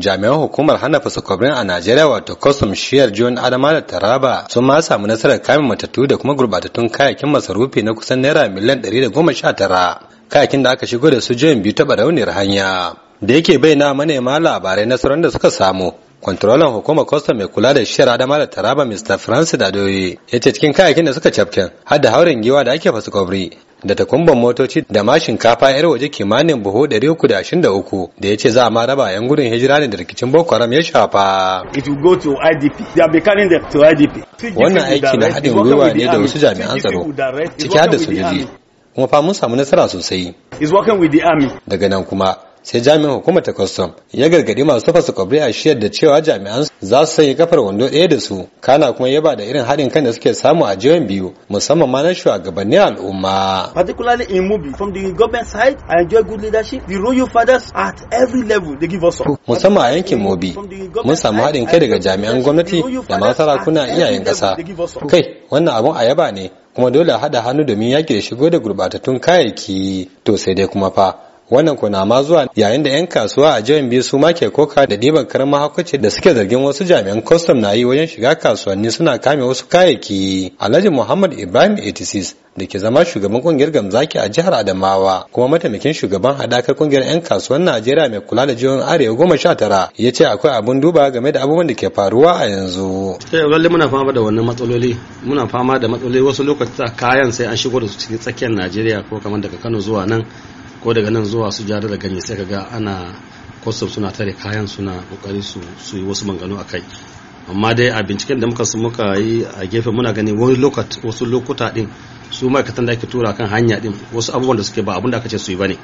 jami'an hukumar hana fasakwabrin a najeriya wato kosom shiyar john adama da taraba sun ma samu nasarar kamin matattu da kuma gurbatattun kayakin masarufi na kusan naira miliyan tara. kayakin da aka shigo da su jiyan biyu taɓa rauniyar hanya da yake bayyana manema labarai nasarar da suka samu kwantarolan hukumar kwastam mai kula da shiyar adama da taraba mr francis dadoye ya ce cikin kayakin da suka cafken har da hauren giwa da ake fasa da takumban motoci da ma shinkafa yar waje kimanin buhu 323 da ya ce za a ma raba 'yan gudun hijira ne da rikicin Boko Haram ya shafa. Wannan aiki na haɗin gwiwa ne da wasu jami'an tsaro ciki har da sojoji kuma fa mun samu nasara sosai. Daga nan kuma sai jami'in hukumar ta custom ya gargadi masu fasa kwabri a shiyar da cewa jami'an za su sanya kafar wando ɗaya da su kana kuma yaba da irin haɗin kan da suke samu a biyu musamman ma na shugabannin al'umma particularly in Mubi from the government side I enjoy good leadership the royal fathers at every level they give us musamman a yankin Mubi mun samu haɗin kai daga jami'an gwamnati da ma sarakuna iyayen ƙasa kai wannan abun a yaba ne kuma dole a haɗa hannu domin yaƙi da shigo da gurɓatattun kayayyaki to sai dai kuma fa wannan ko na ma zuwa yayin da 'yan kasuwa a jihar biyu su ma ke koka da ɗiban karama hakuci da suke zargin wasu jami'an kwastam na yi wajen shiga kasuwanni suna kame wasu kayayyaki alhaji muhammad ibrahim 86 da ke zama shugaban kungiyar gamzaki a jihar adamawa kuma mataimakin shugaban hadakar kungiyar 'yan kasuwan najeriya mai kula da jihohin arewa goma sha tara ya ce akwai abin duba game da abubuwan da ke faruwa a yanzu. Eh, lalle muna fama da wannan matsaloli muna fama da matsaloli wasu lokacin kayan sai an shigo da su cikin tsakiyar najeriya ko kamar daga kano zuwa nan ko daga nan zuwa su jada da gani sai ga ana kwasar suna tare kayan suna kokari su su yi wasu manganu a kai amma dai a binciken da muka su muka yi a gefe muna gani wani lokat wasu lokuta din su ma'aikatan da ake tura kan hanya din wasu abubuwan da suke ba abun aka ce su yi bane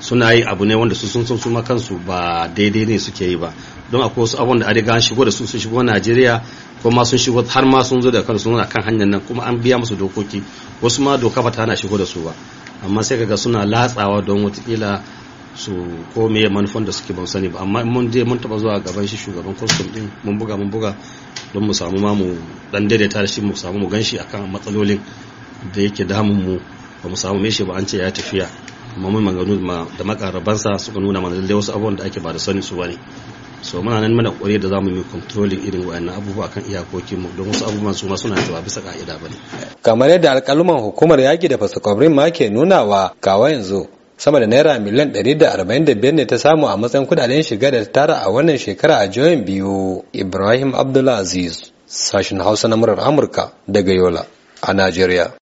suna yi abu ne wanda su sun san su kansu ba daidai ne suke yi ba don akwai wasu abubuwan da an riga an shigo da su sun shigo Najeriya ko ma sun shigo har ma sun zo da kansu suna kan hanyar nan kuma an biya musu dokoki wasu ma doka ba ta hana shigo da su ba amma sai kaga suna latsawa don watakila su kome manufan da suke ban sani ba amma mun je mun taba zuwa gaban shi shugaban kwastom din mun buga mun buga don mu samu ma dan daidaita da shi mu samu mu ganshi akan matsalolin da yake damun mu ba mu samu me shi ba an ce ya tafiya mamun maganu da makarabansa suka nuna mana lalle wasu abubuwan da ake ba da sani su bane so muna nan mana kware da zamu yi controlling irin wayannan abubuwa kan iyakokin mu don wasu abubuwan su ma suna cewa bisa ka'ida bane kamar yadda alƙaluman hukumar yaki da fasikobrin ma ke nunawa kawa yanzu sama da naira miliyan 145 ne ta samu a matsayin kudaden shiga da tara a wannan shekara a jihohin biyu ibrahim abdulaziz sashen hausa na murar amurka daga yola a najeriya